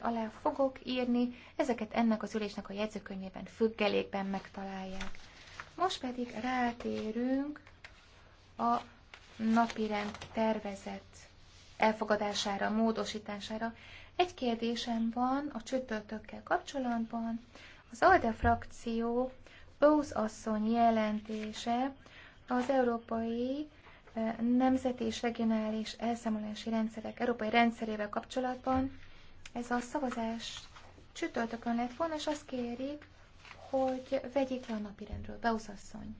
ezeket alá fogok írni, ezeket ennek az ülésnek a jegyzőkönyvében, függelékben megtalálják. Most pedig rátérünk a napirend tervezett elfogadására, módosítására. Egy kérdésem van a csütörtökkel kapcsolatban. Az ALDE frakció Bóz asszony jelentése az Európai eh, Nemzeti és Regionális Elszámolási Rendszerek Európai Rendszerével kapcsolatban ez a szavazás csütörtökön lett volna, és azt kérik, hogy vegyék le a napirendről. Beuz asszony.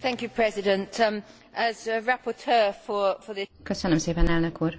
Thank you, President. Um, as a rapporteur for, for the... Köszönöm szépen, elnök úr.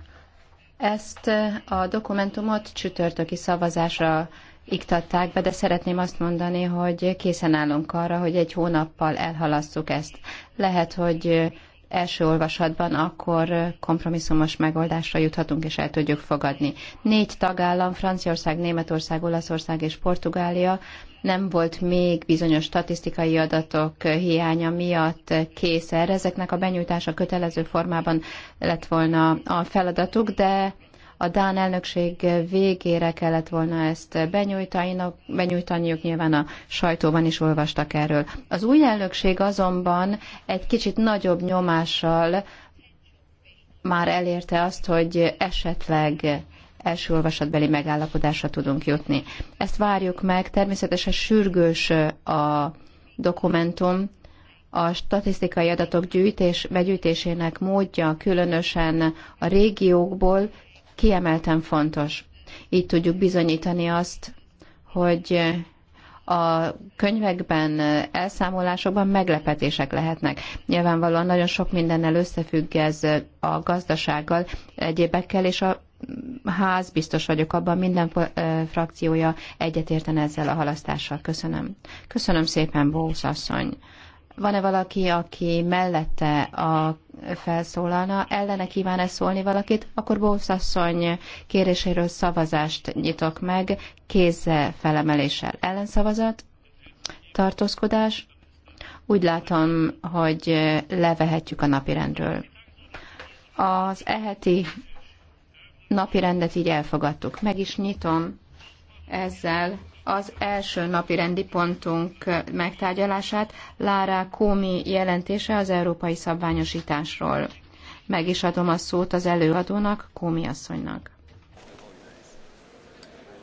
Ezt uh, a dokumentumot csütörtöki szavazásra iktatták be, de szeretném azt mondani, hogy készen állunk arra, hogy egy hónappal elhalasszuk ezt. Lehet, hogy uh, első olvasatban akkor kompromisszumos megoldásra juthatunk és el tudjuk fogadni. Négy tagállam, Franciaország, Németország, Olaszország és Portugália nem volt még bizonyos statisztikai adatok hiánya miatt kész erre. Ezeknek a benyújtása kötelező formában lett volna a feladatuk, de a Dán elnökség végére kellett volna ezt benyújtaniuk, benyújtaniuk nyilván a sajtóban is olvastak erről. Az új elnökség azonban egy kicsit nagyobb nyomással már elérte azt, hogy esetleg első olvasatbeli megállapodásra tudunk jutni. Ezt várjuk meg, természetesen sürgős a dokumentum, a statisztikai adatok gyűjtés, begyűjtésének módja különösen a régiókból, kiemelten fontos. Így tudjuk bizonyítani azt, hogy a könyvekben, elszámolásokban meglepetések lehetnek. Nyilvánvalóan nagyon sok mindennel összefügg ez a gazdasággal, egyébekkel, és a ház, biztos vagyok abban, minden frakciója egyetérten ezzel a halasztással. Köszönöm. Köszönöm szépen, Bósz asszony. Van-e valaki, aki mellette a felszólalna, ellene kíván-e szólni valakit, akkor Bószasszony kéréséről szavazást nyitok meg, kézzel felemeléssel ellenszavazat, tartózkodás. Úgy látom, hogy levehetjük a napirendről. Az eheti napirendet így elfogadtuk. Meg is nyitom ezzel az első napi rendi pontunk megtárgyalását, Lára Kómi jelentése az európai szabványosításról. Meg is adom a szót az előadónak, Kómi asszonynak.